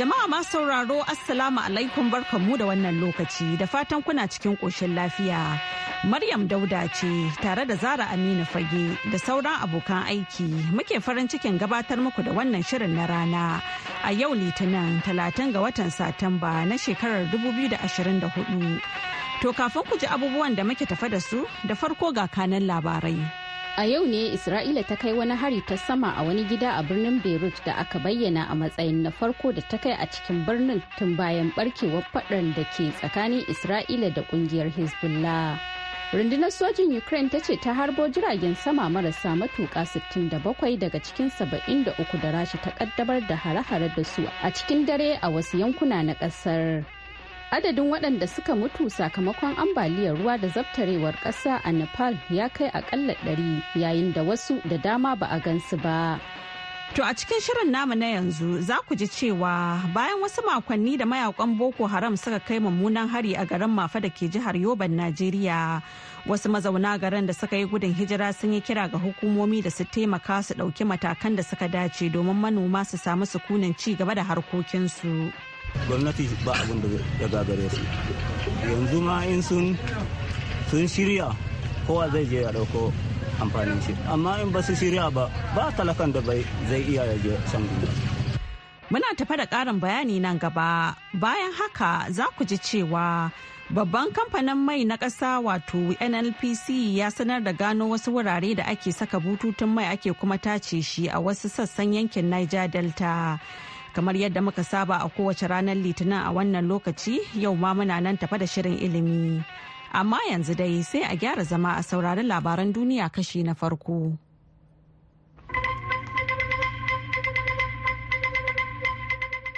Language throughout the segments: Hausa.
Jama'a ma sauraro Assalamu alaikum mu da wannan lokaci da fatan kuna cikin ƙoshin lafiya. Maryam Dauda ce tare da Zara Aminu Fage da sauran abokan aiki muke farin cikin gabatar muku da wannan shirin na rana a yau Litinin talatin ga watan Satamba na shekarar 2024. To kafin ku ji abubuwan da muke tafa da su da farko ga kanan labarai. A yau ne Isra'ila ta kai wani hari ta sama a wani gida a birnin Beirut da aka bayyana a matsayin na farko da ta kai a cikin birnin tun bayan barkewar faɗan da ke tsakanin Isra'ila da kungiyar Hezbollah. Rundunar sojin Ukraine ta ce ta harbo jiragen sama marasa matuka 67 daga cikin 73 da rasha ta ƙaddamar da hare-hare da su a cikin dare a wasu yankuna na kasar. adadin waɗanda suka mutu sakamakon ambaliyar ruwa da zabtarewar ƙasa a nepal ya kai akalla ɗari yayin da wasu da dama ba a gansu ba To a cikin shirin namu na yanzu za ku ji cewa bayan wasu makonni da mayakan Boko Haram suka kai mummunan hari a garin Mafa da ke jihar Yoban Najeriya. Wasu mazauna garin da suka yi gudun hijira sun yi kira ga hukumomi da su taimaka su ɗauki matakan da suka dace domin manoma su samu sukunin ci gaba da harkokinsu. gwamnati ba abin da ya gagare su yanzu ma in sun sun shirya kowa zai je ya dauko amfanin shi amma in ba su shirya ba ba talakan da bai zai iya ya je can muna tafa da karin bayani nan gaba bayan haka za ku ji cewa Babban kamfanin mai na ƙasa wato NNPC ya sanar da gano wasu wurare da ake saka bututun mai ake kuma tace shi a wasu sassan yankin Niger Delta. kamar yadda muka saba a kowace ranar litinin a wannan lokaci yau ma muna nan tafa da shirin ilimi amma yanzu dai sai a gyara zama a saurari labaran duniya kashi na farko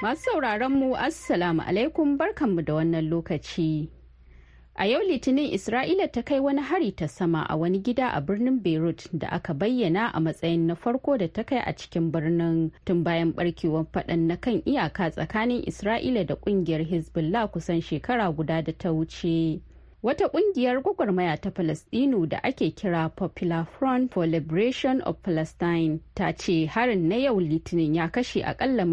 masu sauraron mu assalamu alaikum barkanmu da wannan lokaci A yau Litinin Isra'ila ta kai wani hari ta sama a wani gida a birnin Beirut da aka bayyana a matsayin na farko da ta kai a cikin birnin tun bayan barkewar faɗan na kan iyaka tsakanin Isra'ila da ƙungiyar Hezbollah kusan shekara guda da ta wuce. Wata ƙungiyar gwagwarmaya ta Falasɗinu da ake kira Popular Front for Liberation of Palestine ta ce harin na yau Litinin ya kashe akalla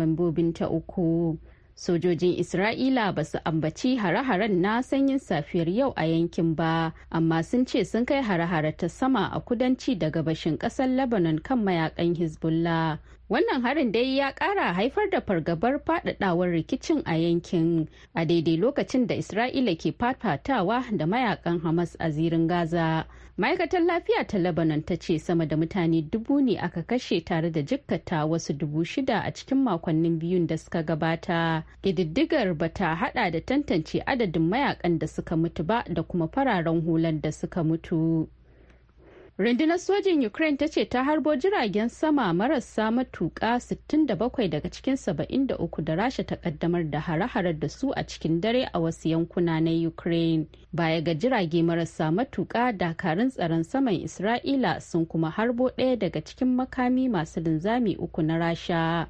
ta uku. sojojin isra'ila ba su ambaci hare-haren na sanyin safiyar yau a yankin ba amma sun ce sun kai hare-hare ta sama a kudanci da gabashin kasar lebanon kan mayakan hezbollah wannan harin dai ya kara haifar da fargabar fadadawar rikicin a yankin a daidai lokacin da isra'ila ke fafatawa da mayakan hamas a zirin gaza ma'aikatar lafiya ta lebanon ta ce sama da mutane dubu ne aka kashe tare da jikkata wasu dubu shida a cikin makonnin biyun da suka gabata ƙididdigar ba ta hada da tantance adadin mayakan da suka mutu ba da kuma fararen hular da suka mutu rundunar sojin ukraine ta ce ta harbo jiragen sama marasa matuƙa 67 daga cikin 73 da rasha ta kaddamar da hare-hare da su a cikin dare a wasu yankuna na ukraine baya ga jirage marasa matuƙa dakarun tsaron saman isra'ila sun kuma harbo ɗaya daga cikin makami masu linzami uku na rasha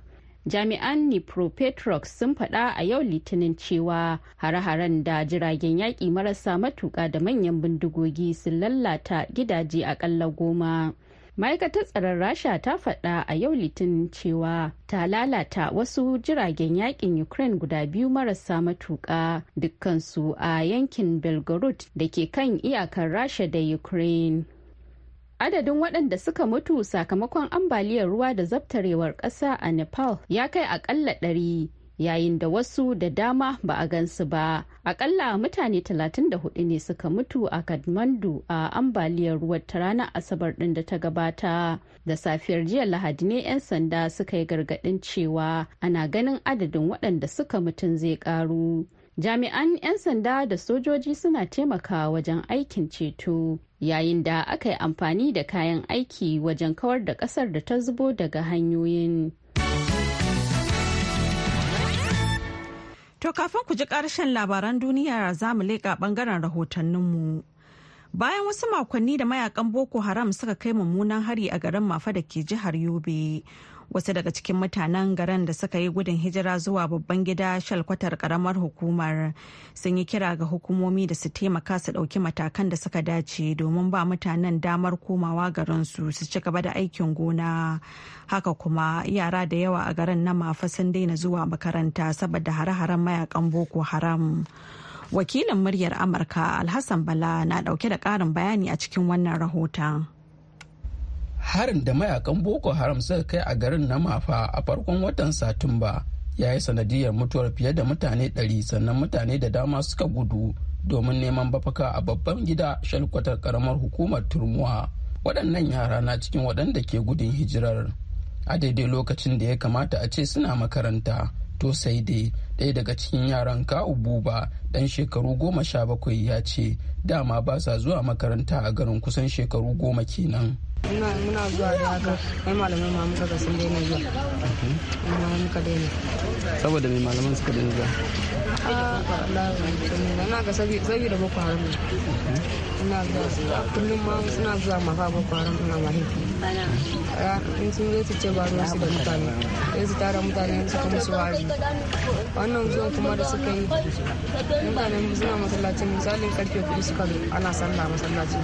jami'an nipropetrox sun faɗa a yau litinin cewa hare-haren da jiragen yaƙi marasa matuƙa da manyan bindigogi sun lalata gidaje aƙalla goma ma'aikatar tsaron rasha ta faɗa a yau litinin cewa ta lalata wasu jiragen yaƙin ukraine guda biyu marasa matuƙa dukkansu a yankin belgorod da ke kan iyakar rasha da ukraine adadin waɗanda suka mutu sakamakon ambaliyar ruwa da zabtarewar ƙasa a nepal ya kai aƙalla ɗari yayin da wasu da dama ba a gansu ba akalla mutane 34 ne suka mutu a kathmandu a ambaliyar ruwa ta ranar asabar ɗin da ta gabata da safiyar jiya lahadi ne 'yan sanda suka yi gargaɗin cewa ana ganin adadin waɗanda suka mutun zai ƙaru. jami'an 'yan sanda da sojoji suna taimaka wajen aikin ceto yayin da aka yi amfani da kayan aiki wajen kawar da kasar da ta zubo daga hanyoyin to kafin ku ji karshen labaran duniya za mu leƙa ɓangaren rahotanninmu bayan wasu makonni da mayakan boko haram suka kai mummunan hari a garin mafa da ke jihar yobe wasu daga cikin mutanen garin da suka yi gudun hijira zuwa babban gida shalkwatar karamar hukumar sun yi kira ga hukumomi da su taimaka su ɗauki matakan da suka dace domin ba mutanen damar komawa garinsu su ci gaba da aikin gona haka kuma yara da yawa a garin na mafa sun daina zuwa makaranta saboda hare-haren mayakan boko haram wakilin muryar amurka alhassan bala na ɗauke da ƙarin bayani a cikin wannan rahoton harin da mayakan boko haram suka kai a garin na mafa a farkon watan satumba ya yi sanadiyar mutuwar fiye da mutane 100 sannan mutane da dama suka gudu domin neman bafaka a babban gida shalkwatar karamar hukumar turmuwa waɗannan yara na cikin waɗanda ke gudun hijirar a daidai lokacin da ya kamata a ce suna makaranta to sai dai ɗaya daga cikin yaran kawu buba ɗan shekaru goma sha bakwai ya ce dama ba sa zuwa makaranta a garin kusan shekaru goma kenan muna zuwa da haka ai malamai ma muka ga sun daina zuwa amma muka daina saboda mai malaman suka daina zuwa ina ga saboda boko haram ina zuwa kullum ma suna zuwa mafa boko haram ina mahaifi in sun zo su ce ba ruwa su da mutane sai su tara mutane su kuma su wari wannan zuwa kuma da suka yi Mutane suna masallacin misalin karfe kudu suka ana sallah masallacin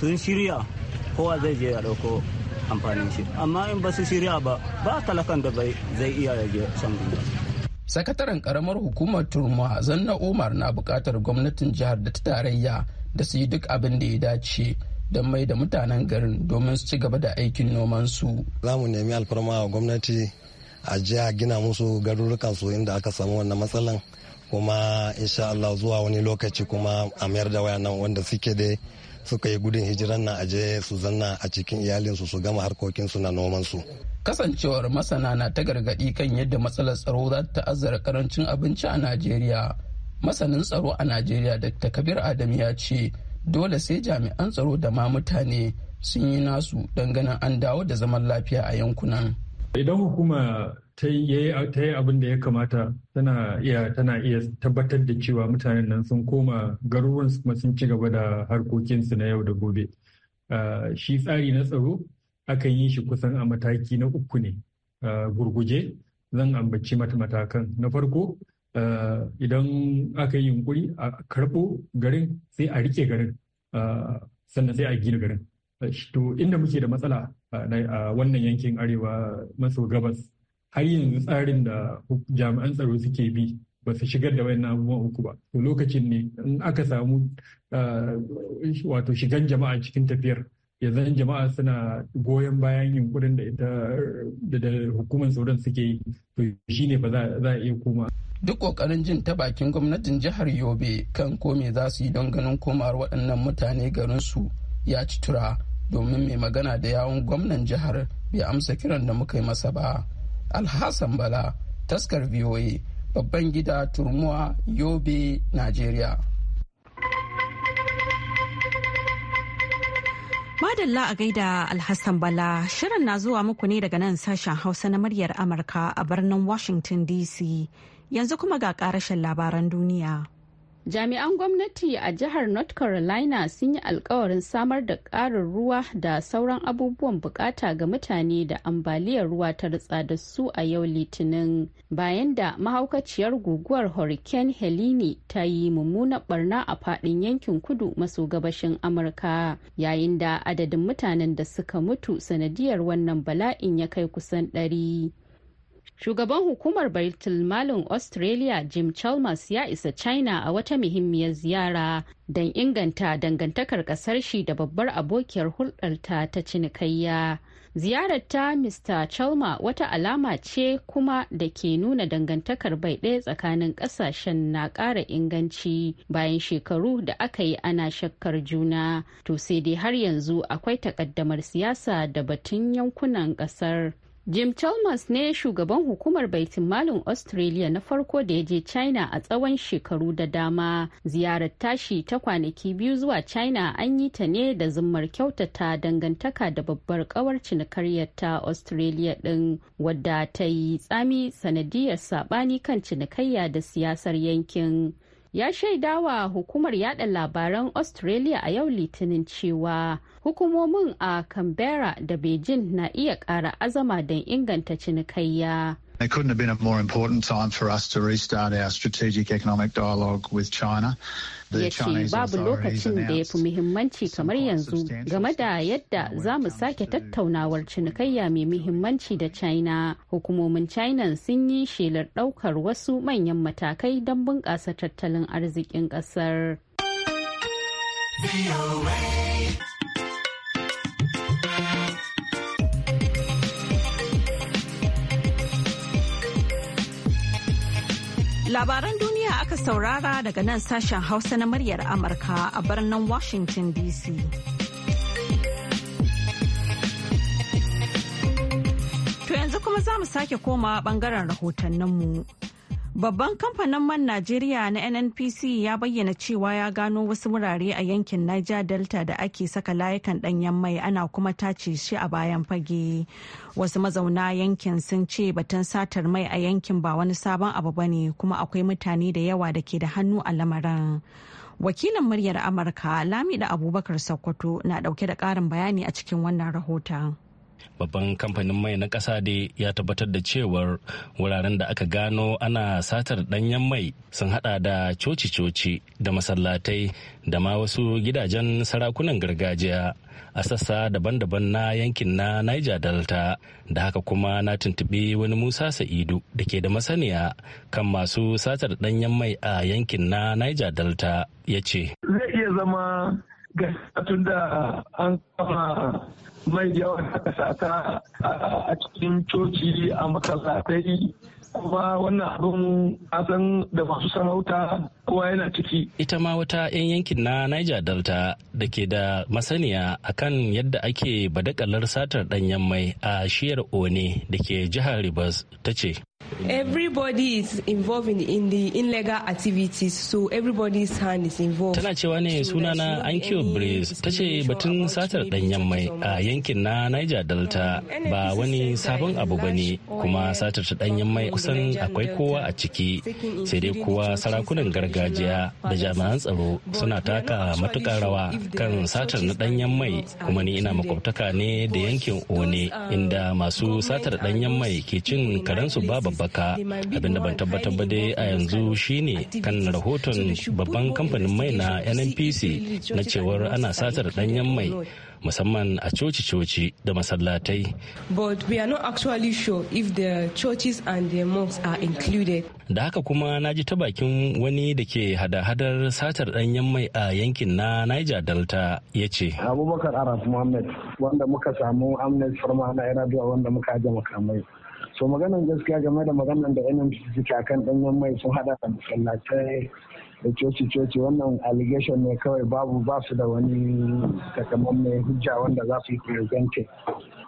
sun shirya kowa zai je ya dauko amfanin shi amma in ba su shirya ba ba talakan da zai iya ya je can sakataren karamar hukumar turma zanna umar na bukatar gwamnatin jihar da ta tarayya da su yi duk abin da ya dace don mai da mutanen garin domin su ci gaba da aikin nomansu. za mu nemi alfarma wa gwamnati a jiya gina musu garurukan su inda aka samu wannan matsalan kuma insha Allah zuwa wani lokaci kuma a mayar da wayannan wanda suke da suka yi gudun hijiran nan aje su zanna a cikin iyalinsu su gama harkokinsu na nomansu. Kasancewar masana na ta gargaɗi kan yadda matsalar tsaro za ta ta'azzara karancin abinci a Najeriya. Masanin tsaro a Najeriya Dr. Kabir Adam ya ce dole sai jami'an tsaro da ma mutane sun yi nasu don ganin an dawo da zaman lafiya a yankunan. Idan hukuma ta yi abin da ya kamata tana iya tana iya tabbatar da cewa mutanen nan sun koma garuruwan kuma sun ci gaba da harkokinsu na yau da gobe ah, shi tsari na tsaro akan yi shi kusan a mataki na uku ne ah, gurguje zan ambaci matakan na farko ah, idan aka yi yunkuri a karɓo garin sai a rike garin sannan sai a gina garin to inda muke da matsala a wannan yankin arewa maso gabas har yanzu tsarin da jami'an tsaro suke bi ba su shigar da wani abubuwan uku ba to lokacin ne in aka samu eh, wato shigan jama'a cikin tafiyar ya zan jama'a suna goyon bayan yunkurin da ita da hukumar tsoron suke yi to shi ne ba za a iya koma duk kokarin jin ta bakin gwamnatin jihar yobe kan ko me za su yi don ganin komawar waɗannan mutane garinsu ya ci tura domin mai magana da yawon gwamnan jihar bai amsa kiran da muka yi masa ba alhassan bala taskar voa babban gida turmuwa yobe nigeria Madalla a gaida Alhassan Bala shirin na zuwa muku ne daga nan sashen Hausa na muryar Amurka a birnin Washington DC yanzu kuma ga karashin labaran duniya. Jami'an gwamnati a jihar North Carolina sun yi alkawarin samar da ƙarin ruwa da sauran abubuwan bukata ga mutane da ambaliyar ruwa ta ritsa da su a yau litinin bayan da mahaukaciyar guguwar Hurricane Helene ta yi mummunar barna a fadin yankin kudu maso gabashin Amurka yayin da adadin mutanen da suka mutu sanadiyar wannan bala'in ya kai kusan ɗari. shugaban hukumar baitul malin australia jim chalmers ya isa china a wata muhimmiyar ziyara don inganta dangantakar kasar shi da babbar abokiyar hulɗarta ta cinikayya ziyarar ta mr Chalmers wata alama ce kuma da ke nuna dangantakar bai ɗaya tsakanin ƙasashen na ƙara inganci bayan shekaru da aka yi ana shakkar juna to sai dai har yanzu akwai takaddamar siyasa da batun yankunan ƙasar Jim Chalmers ne shugaban hukumar baitin malin Australia na farko da ya je China a tsawon shekaru da dama. Ziyarar tashi ta kwanaki biyu zuwa China an yi ta ne da zummar kyautata dangantaka da babbar kawar cinikaryar ta Australia din wadda ta yi tsami sanadiyar saɓani kan cinikayya da siyasar yankin. ya shaidawa hukumar yada labaran australia a yau litinin cewa hukumomin a canberra da beijing na iya ƙara azama don inganta cinikayya There couldn't have been a more important time for us to restart our strategic economic dialogue with China. ya ce babu lokacin da ya fi muhimmanci kamar yanzu game da yadda za mu sake tattaunawar cinikayya mai muhimmanci da china hukumomin china sun yi shelar daukar wasu manyan matakai don bunƙasa tattalin arzikin ƙasar. Labaran duniya aka saurara daga nan sashen Hausa na muryar Amurka a birnin Washington DC. To yanzu kuma za mu sake koma bangaren rahotanninmu. mu. Babban kamfanin man Najeriya na NNPC ya bayyana cewa ya gano wasu wurare a yankin Niger Delta da ake saka layukan ɗanyen mai ana kuma tace shi a bayan fage. Wasu mazauna yankin sun ce batun satar mai a yankin ba wani sabon abu ba ne kuma akwai mutane da yawa da ke da hannu a lamarin. Wakilin muryar Amurka Lamida Abubakar Sokoto na ɗauke da ƙarin bayani a cikin wannan rahoton. babban kamfanin mai na ƙasa dai ya tabbatar da cewar wuraren da aka gano ana satar ɗanyen mai sun hada da coci-coci da masallatai da ma wasu gidajen sarakunan gargajiya a sassa daban-daban na yankin na niger delta da haka kuma na tuntuɓi wani musa sa'idu da ke da masaniya kan masu satar ɗanyen mai a yankin na niger delta ya ce zai iya zama gaskiya tun da an kama mai yawan haka ta a cikin coci a masallatai kuma wannan abin asan da masu sarauta kowa yana ciki. Ita ma wata 'yan yankin na Niger Delta da ke da masaniya akan yadda ake badakalar satar ɗanyen mai a shiyar One da ke jihar Rivers ta ce. everybody is involved in, in the illegal activities so everybody's hand is involved tana cewa ne na ankyo breeze ta ce batun satar danyen mai a yankin na niger delta um, ba wani sabon abu bane kuma satar ta danyen mai kusan akwai kowa a ciki sai dai kuwa sarakunan gargajiya da jami'an tsaro suna taka matukar rawa kan satar na danyen mai kuma ni ina makwabtaka ne da yankin one inda um, masu satar danyen mai ke cin karensu babu abin abinda ban tabbatar ba dai a yanzu shine kan rahoton babban kamfanin mai na nnpc na cewar ana satar danyen mai musamman a coci-coci da masallatai. But we are not actually sure if the churches and the mosques are included. Da haka kuma na ji ta bakin wani da ke hada-hadar satar ɗanyen mai a yankin na Niger Delta ya ce. Abubakar Araf Muhammad wanda muka samu amnesty farma na Iradu wanda muka ajiye makamai. to maganan gaskiya game da maganan da NMC suke akan ɗanyen mai sun hada da masallatai da coci coci wannan allegation ne kawai babu ba su da wani takamaiman hujja wanda za su yi presenting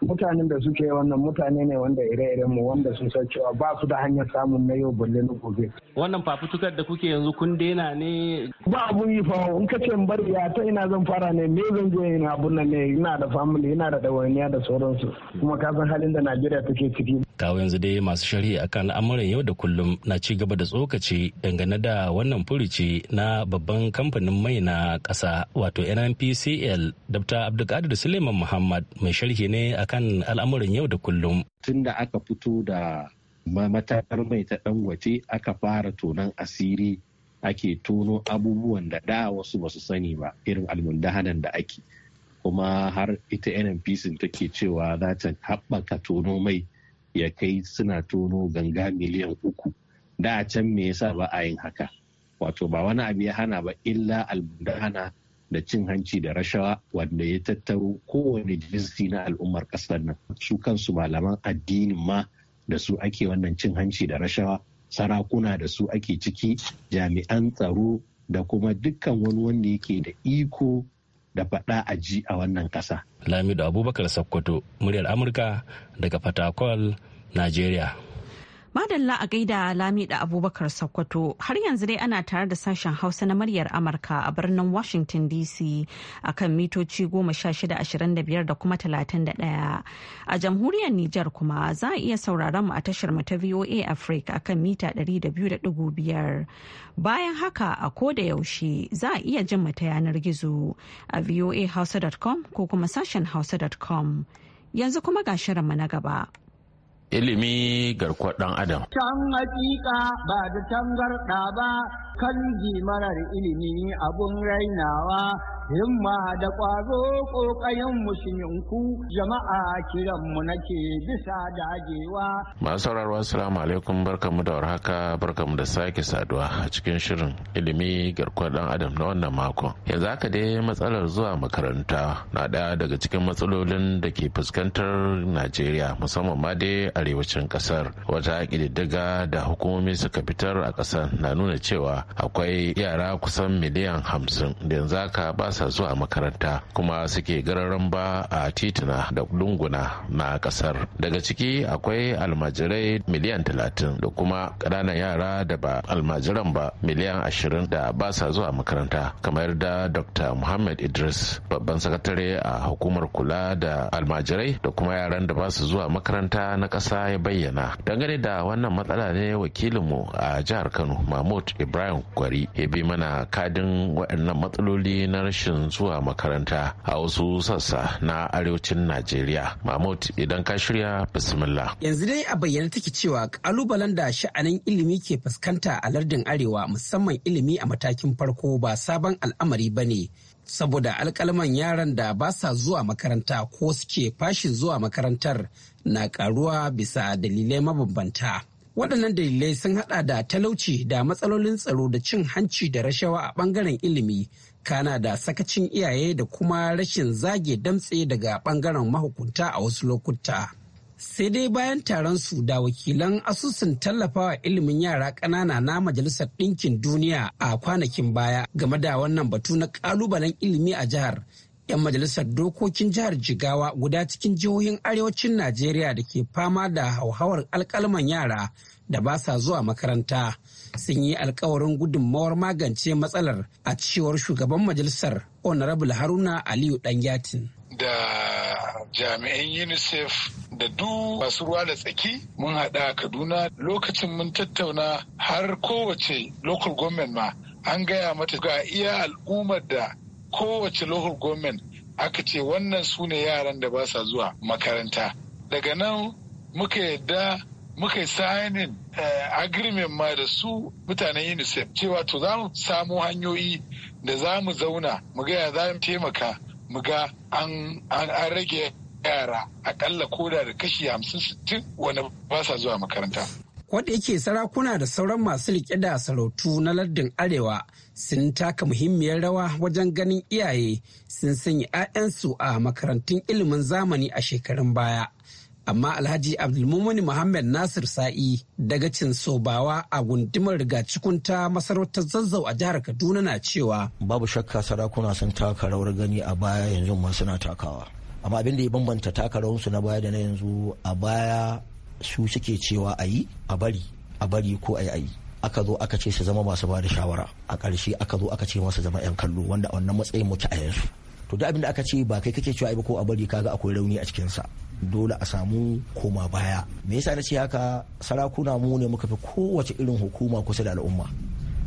mutanen da suke wannan mutane ne wanda ire-iren mu wanda sun san cewa ba su da hanyar samun na yau balle na gobe wannan fafutukar da kuke yanzu kun daina ne ba abun yi fa in ka ce bari ya ta ina zan fara ne me zan je yin abun nan ne ina da famili ina da dawainiya da sauransu kuma ka san halin da Najeriya take ciki kawo yanzu dai masu shari'a akan al'amuran yau da kullum na ci gaba da tsokaci dangane da wannan furuci na babban kamfanin mai na kasa wato NNPCL Dr. Abdulkadir Suleiman Muhammad mai sharhi ne a. akan al'amuran yau da kullum. Tun da aka fito da matakar mai ta dangote aka fara tonon asiri ake tono abubuwan da da wasu ba su sani ba irin almundahanan da ake kuma har ita nnpc take cewa za ta haɓaka tono mai ya kai suna tono ganga miliyan uku da can me yasa ba a yin haka wato ba wani abu ya hana ba illa almundahana da cin hanci da rashawa wanda ya tattaro kowane jinsi na al'ummar ƙasar nan su kansu malaman addinin ma da su ake wannan cin hanci da rashawa sarakuna da su ake ciki jami'an tsaro da kuma dukkan wani wanda yake da iko da faɗa a ji a wannan ƙasa. Lamido Abubakar Sokoto, muryar Amurka daga Fatakwal, Najeriya. Madalla a gaida lami da Abubakar Sokoto har yanzu dai ana tare da sashen Hausa na muryar Amurka a birnin Washington DC a kan mitoci 1625 da kuma 31. A jamhuriyar Nijar kuma za a iya sauraron mu a tashar mu ta VOA Africa a kan mita 200.5. Bayan haka a koda yaushe za a iya jin mu ta yanar gizo a voahausa.com ko kuma sashen hausa.com. Yanzu kuma ga shirinmu na gaba. ilimi garkuwar ɗan adam. Can hakika ba da tangarɗa ba kan marar ilimi abun rainawa himma da ƙwazo ƙoƙayen musulunku, jama'a kiranmu nake bisa dagewa. Masu sauraro assalamu alaikum barkamu da warhaka barkamu da sake saduwa a cikin shirin ilimi garkuwar ɗan adam na wannan mako. Yanzu haka dai matsalar zuwa makaranta na ɗaya daga cikin matsalolin da ke fuskantar Najeriya musamman ma dai arewacin kasar wata kididdiga da hukumomi suka fitar a kasar na nuna cewa akwai yara kusan miliyan hamsin da yanzu haka ba sa zuwa makaranta kuma suke gararan ba a tituna da lunguna na kasar daga ciki akwai almajirai miliyan talatin da kuma ƙananan yara da ba almajiran ba miliyan ashirin da ba sa zuwa makaranta kamar da dr muhammad idris babban sakatare a hukumar kula da almajirai da kuma yaran da ba su zuwa makaranta na ƙasar ƙasa ya bayyana dangane da wannan matsala ne wakilinmu a jihar kano mahmud ibrahim kwari ya bi mana kadin waɗannan matsaloli na rashin zuwa makaranta a wasu sassa na arewacin najeriya mahmud idan ka shirya bismillah yanzu dai a bayyana take cewa kalubalen da sha'anin ilimi ke fuskanta a lardin arewa musamman ilimi a matakin farko ba sabon al'amari ba ne saboda alkalman yaran da ba sa zuwa makaranta ko suke fashin zuwa makarantar na karuwa bisa dalilai mabambanta. Waɗannan dalilai sun haɗa da talauci da matsalolin tsaro da cin hanci da rashawa a ɓangaren ilimi, kana da sakacin iyaye da kuma rashin zage damtse daga ɓangaren mahukunta a wasu lokuta. sai dai bayan taron su da wakilan asusun tallafawa ilimin yara ƙanana na majalisar ɗinkin duniya a kwanakin baya game da wannan batu na ƙalubalen ilimi a jihar 'yan majalisar dokokin jihar jigawa guda cikin jihohin arewacin najeriya da ke fama da hauhawar alkalman yara da ba sa zuwa makaranta sun yi alkawarin gudunmawar magance matsalar a cewar shugaban majalisar honorable haruna aliyu danyatin da jami'an unicef da du masu ruwa da tsaki mun haɗa kaduna lokacin mun tattauna har kowace local government ma an gaya mata ga iya al'ummar da kowace local government aka ce wannan su ne yaran da ba sa zuwa makaranta daga nan muka yadda muka yi sainin eh, agreement ma da su mutanen unicef cewa to za mu samu hanyoyi da za mu zauna mu gaya za mu taimaka mu ga an rage yara akalla koda da kashi hamsin sittin wani ba sa zuwa makaranta. Wanda yake sarakuna da sauran masu riƙe da sarautu na lardin Arewa sun taka muhimmiyar rawa wajen ganin iyaye sun sanya 'ya'yansu a makarantun ilimin zamani a shekarun baya. Amma Alhaji Abdulmumuni Muhammad Nasir Sa'i daga Cinsobawa a gundumar rigacikunta masarautar zazzau a jihar Kaduna na cewa. Babu shakka sarakuna sun taka rawar gani a baya yanzu ma suna takawa. amma abin da ya bambanta taka na baya da na yanzu a baya su suke cewa a yi a bari a bari ko a yi a yi aka zo aka ce su zama masu ba da shawara a ƙarshe aka zo aka ce masu zama 'yan kallo wanda a wannan matsayin muke a yanzu to da abin da aka ce ba kai kake cewa ba ko a bari kaga akwai rauni a cikinsa dole a samu koma baya me yasa na ce haka sarakuna mu ne muka fi kowace irin hukuma kusa da al'umma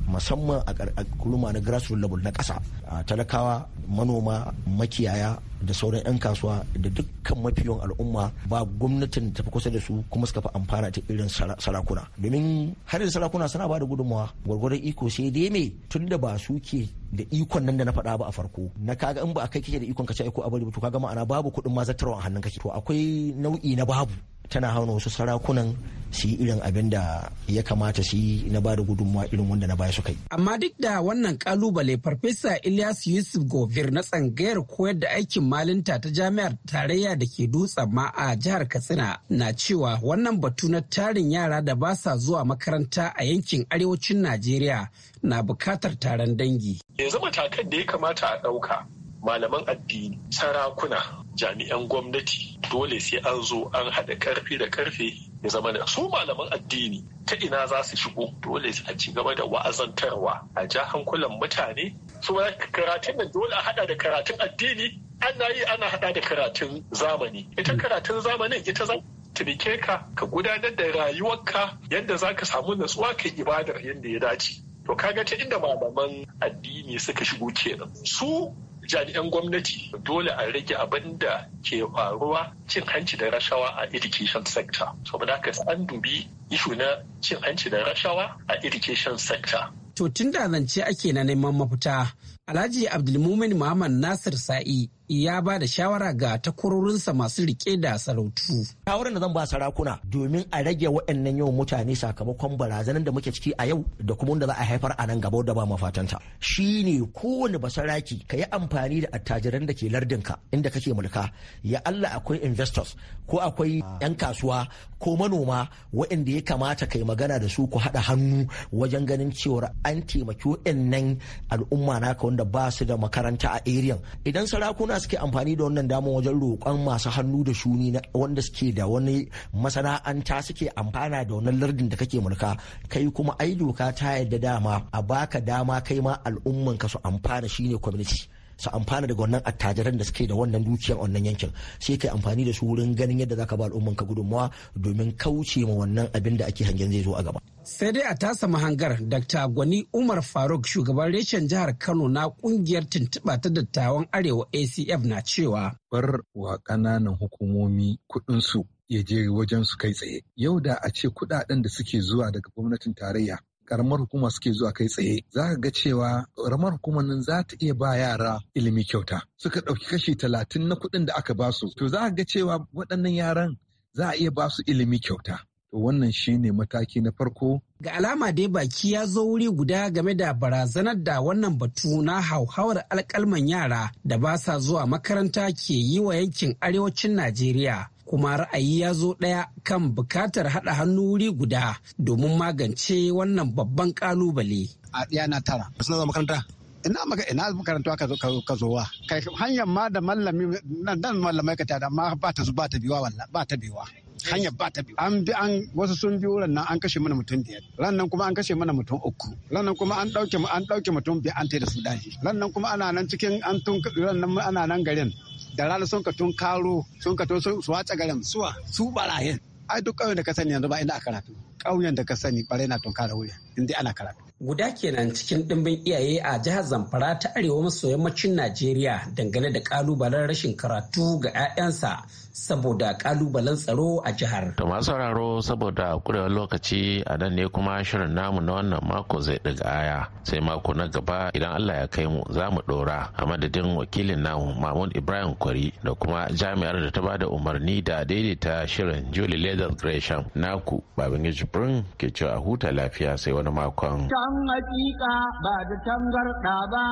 musamman a kurma na grassroots level na ƙasa talakawa manoma makiyaya da sauran 'yan kasuwa da dukkan mafiyon al'umma ba gwamnatin tafi kusa da su kuma suka fi amfana ta irin sarakuna domin harin sarakuna suna ba da gudunmawa gwargwaron iko sai dai me tun da ba su ke da ikon nan da na faɗa ba a farko na kaga in ba a kai kake da ikon ka ce ko a bari to kaga ma'ana babu kuɗin ma zattarwa a hannun kake to akwai nau'i na babu tana hauna wasu sarakunan su yi irin abin da ya kamata su yi na ba da gudunmawa irin wanda na baya su kai. Amma duk da wannan kalubale Farfesa Ilyas Yusuf Govir na tsangayar koyar da aikin malinta ta jami'ar tarayya da ke dutsen ma a jihar katsina na cewa wannan batu na tarin yara da ba sa zuwa makaranta a yankin arewacin najeriya na bukatar taron dangi yanzu matakan da ya kamata a ɗauka malaman addini sarakuna jami'an gwamnati dole sai an zo an haɗa karfi da karfe ya zama da su malaman addini ta ina za su shigo dole a ci gaba da wa'azantarwa a ja hankulan mutane su karatun nan dole a hada da karatun addini ana yi ana hada da karatun zamani ita hmm. karatun zamanin ita za tunike ka ka gudanar da rayuwarka yadda za ka samu natsuwa ka ibadar yadda ya dace to kaga ta inda malaman addini suka shigo kenan su jami'an gwamnati dole a rage abin da ke faruwa cin hanci da rashawa a education sector saboda haka san dubi ishu na cin hanci da rashawa a education sector to tun da zance ake na neman mafita Alhaji Abdulmumin Muhammad Nasir Sa'i ya ba da shawara ga takwarorinsa masu rike da sarautu. Shawarar da zan ba sarakuna domin a rage waɗannan yawan mutane sakamakon barazanar da muke ciki a yau da kuma wanda za a haifar a nan gaba da ba mafatanta. Shi ne kowane basaraki ka yi amfani da attajiran da ke lardinka inda kake mulka ya Allah akwai investors ko akwai 'yan kasuwa ko manoma waɗanda ya kamata ka yi magana da su ku haɗa hannu wajen ganin cewar an taimaki waɗannan al'umma naka wanda ba su da makaranta a area idan sarakuna suke amfani da wannan dama wajen roƙon masu hannu da shuni wanda suke da wani masana'anta suke amfana da wannan lardin da kake mulka kai kuma ai doka ta yadda dama a baka dama kai ma al'umman ka su amfana shine community su amfana daga wannan attajiran da suke da wannan dukiyar wannan yankin sai kai amfani da su wurin ganin yadda zaka ba al'umman ka gudunmawa domin kauce ma wannan abin da ake hangen zai zo a gaba sai dai a tasa mahangar dr gwani umar faruk shugaban reshen jihar kano na kungiyar tuntuɓa ta dattawan arewa acf na cewa bar wa ƙananan hukumomi kuɗinsu ya je wajen su kai tsaye yau da a ce kuɗaɗen da suke zuwa daga gwamnatin tarayya karamar hukuma suke zuwa kai tsaye za ka ga cewa karamar hukumar nan za ta iya ba yara ilimi kyauta suka ɗauki kashi talatin na kuɗin da aka basu to za ka ga cewa waɗannan yaran za a iya ba su ilimi kyauta wannan shine mataki na farko ga alama dai baki ya zo wuri guda game da barazanar da wannan batu na hauhawar alkalman yara da ba sa zuwa makaranta ke yi wa yankin arewacin najeriya kuma ra'ayi ya zo ɗaya kan bukatar haɗa hannu wuri guda domin magance wannan babban ƙalubale. a ɗaya na tara suna zuwa makaranta ina maka ina makaranta ka zo ka zo wa kai hanyar ma da mallami nan dan mallamai ka tada amma ba ta ba ta biwa wallahi ba ta biwa hanya ba ta biyu an bi an wasu sun biyo ran nan an kashe mana mutum biyar ran nan kuma an kashe mana mutum uku ran nan kuma an dauke an dauke mutum biyar an tai da su daji ran nan kuma ana nan cikin an tun ran nan ana nan garin da rana sun ka tun karo sun ka tun su watsa garin suwa su barayin ai duk ƙauyen da ka sani yanzu ba inda aka rafi ƙauyen da ka sani bare na tun kara wuya in dai ana karatu. Guda kenan cikin ɗimbin iyaye a jihar Zamfara ta arewa maso yammacin Najeriya dangane da ƙalubalen rashin karatu ga 'ya'yansa saboda kalubalen tsaro a jihar. To masu sauraro saboda kurewar lokaci a nan ne kuma shirin namu na wannan mako zai ɗiga aya sai mako na gaba idan Allah ya kai mu za mu ɗora a madadin wakilin namu Mahmud Ibrahim Kwari da kuma jami'ar da ta ba da umarni da daidaita shirin Julie Leather Gresham naku Babangiji Brun ke cewa huta lafiya sai wani makon. Can hakika ba da tangarɗa ba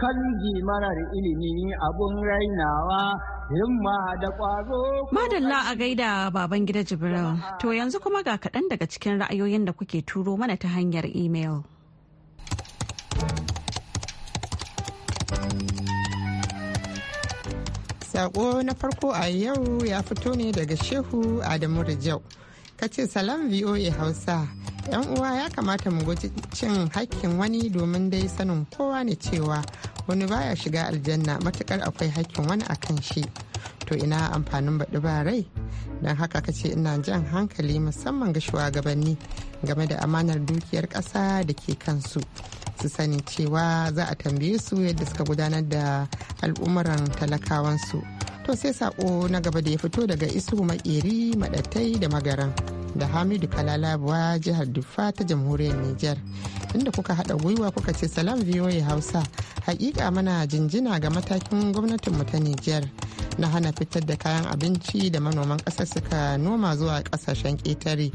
kan marar ilimi abun rainawa himma da ƙwazo. Madalla a gaida baban gida Jibril. To yanzu kuma ga kaɗan daga cikin ra'ayoyin da kuke turo mana ta hanyar imel. Sako na farko a yau ya fito ne daga Shehu Adamu Rijau. Kace salam VOA Hausa. yan uwa ya kamata mu guji cin hakkin wani domin dai sanin kowa ne cewa wani baya shiga aljanna matukar akwai hakkin wani akan shi to ina amfanin baɗi ba rai don haka kace ina jan hankali musamman ga shugabanni game da amanar dukiyar ƙasa da ke kansu su sani cewa za a tambaye su yadda suka gudanar da al'umuran talakawansu to sai sako na gaba da ya fito daga isu makeri madatai da magaran da hamidu kalalabuwa jihar duffa ta jamhuriyar niger inda kuka haɗa gwiwa kuka ce salam voa hausa hakika mana jinjina ga matakin gwamnatinmu ta niger na hana fitar da kayan abinci da manoman ƙasa suka noma zuwa ƙasashen ƙetare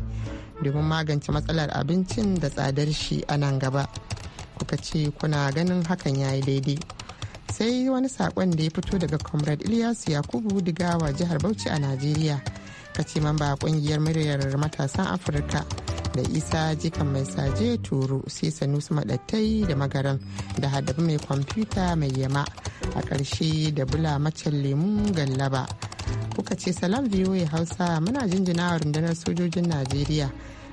domin magance matsalar abincin da tsadar shi a nan gaba kuka ce kuna ganin hakan ya yi daidai sai wani sakon da ya fito daga comrade ilyas yakubu digawa jihar bauchi a najeriya kace mamba kungiyar muryar matasan afirka da isa jikan mai saje turu sai sanusu madattai da magaran da hadabi mai kwamfuta mai yama a ƙarshe da bula macen lemu gallaba kuka ce salam ya hausa muna jinjina rundunar sojojin najeriya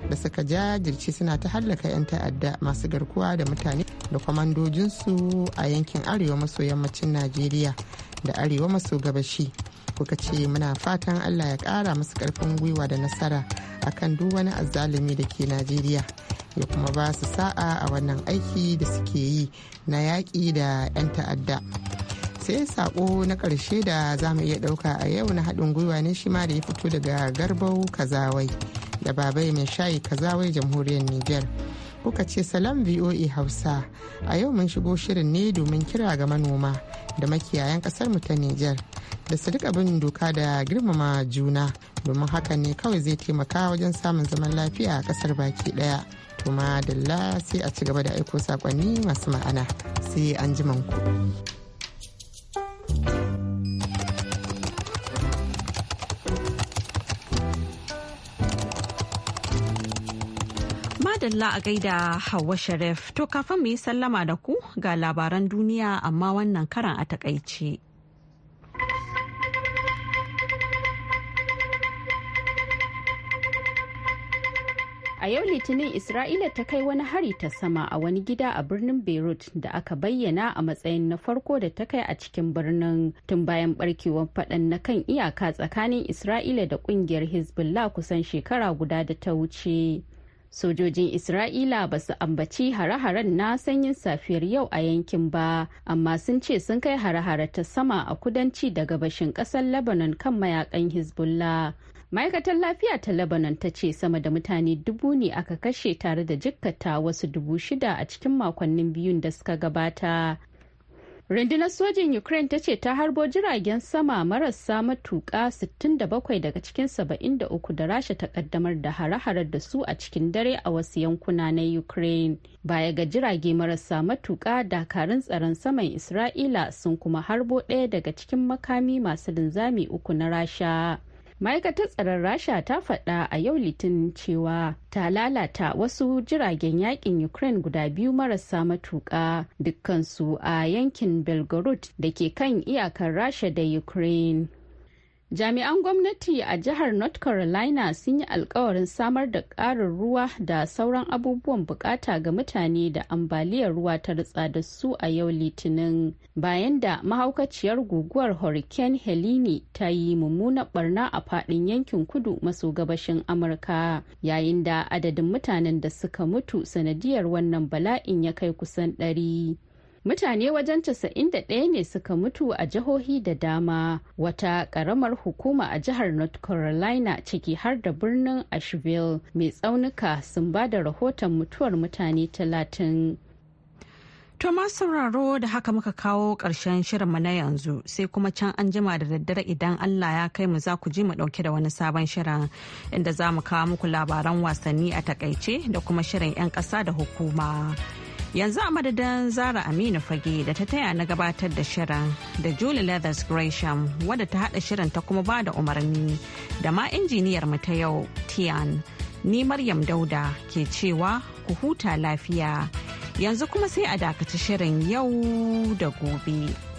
da suka jajirce suna ta hallaka 'yan ta'adda masu garkuwa da mutane da kwamandojinsu a yankin arewa maso yammacin najeriya da arewa maso gabashi kuka ce muna fatan allah ya kara masu karfin gwiwa da nasara akan duk wani azzalumi da ke najeriya ya kuma ba su sa'a a wannan aiki da suke yi na yaƙi da 'yan ta'adda sai sako na ƙarshe da za mu iya ɗauka a yau na haɗin gwiwa ne shi ma da ya fito daga garbau kazawai da babai mai shayi kazawai jamhuriyar niger kuka ce salam voa hausa a yau mun shigo shirin ne domin kira ga manoma da makiyayan kasar mu ta niger da su rika bin doka da girmama juna domin haka ne kawai zai taimaka wajen samun zaman lafiya a kasar baki daya kuma dalla sai a ci gaba da aiko sakonni masu ma'ana sai an ku. madalla a gaida Hauwa Sharif. To kafin mu yi sallama da ku ga labaran duniya amma wannan karan a takaice. A yau Litinin Isra'ila ta kai wani hari ta sama a wani gida a birnin Beirut da aka bayyana a matsayin na farko da ta kai a cikin birnin tun bayan barkewar faɗan na kan iyaka tsakanin Isra'ila da kungiyar Hezbollah kusan shekara guda da ta wuce. sojojin isra'ila ba su ambaci hare-haren na sanyin safiyar yau a yankin ba amma sun ce sun kai hare-hare ta sama a kudanci da gabashin kasar lebanon kan mayakan hezbollah ma'aikatar lafiya ta lebanon ta ce sama da mutane dubu ne aka kashe tare da jikkata wasu dubu shida a cikin makonnin biyun da suka gabata rundunar sojin ukraine ta ce ta harbo jiragen sama marasa matuƙa 67 daga cikin 73 da rasha ta kaddamar da hare-hare da su a cikin dare a wasu yankuna na ukraine baya ga jirage marasa matuƙa dakarun tsaron saman isra'ila sun kuma harbo ɗaya daga cikin makami masu linzami uku na rasha ma'aikatar tsaron rasha ta faɗa a yau litinin cewa ta lalata wasu jiragen yakin ukraine guda biyu marasa matuƙa dukkansu a yankin belgorod da ke kan iyakar rasha da ukraine Jami'an gwamnati a jihar North Carolina sun yi alkawarin samar da ƙarin ruwa da sauran abubuwan bukata ga mutane da ambaliyar ruwa ta ritsa da su a yau litinin bayan da mahaukaciyar guguwar Hurricane Helene ta yi mummunar barna a faɗin yankin kudu maso gabashin Amurka yayin da adadin mutanen da suka mutu sanadiyar wannan bala'in ya kai kusan ɗari. mutane wajen 91 ne suka mutu a jihohi da dama wata karamar hukuma a jihar north carolina ciki har da birnin asheville mai tsaunuka sun ba da rahoton mutuwar mutane 30 Thomas sauraro da haka muka kawo ƙarshen shirinmu na yanzu sai kuma can an jima da daddare idan Allah ya kai mu za ku ji mu ɗauke da wani sabon shirin inda za mu kawo muku labaran wasanni a takaice da kuma shirin 'yan ƙasa da hukuma. yanzu a madadin zara aminu fage da ta taya na gabatar da shirin da julie leathers gresham wadda ta hada shirin ta kuma ba da umarni da ma injiniyar mu ta yau tian ni maryam dauda ke cewa ku huta lafiya yanzu kuma sai a dakaci shirin yau da gobe.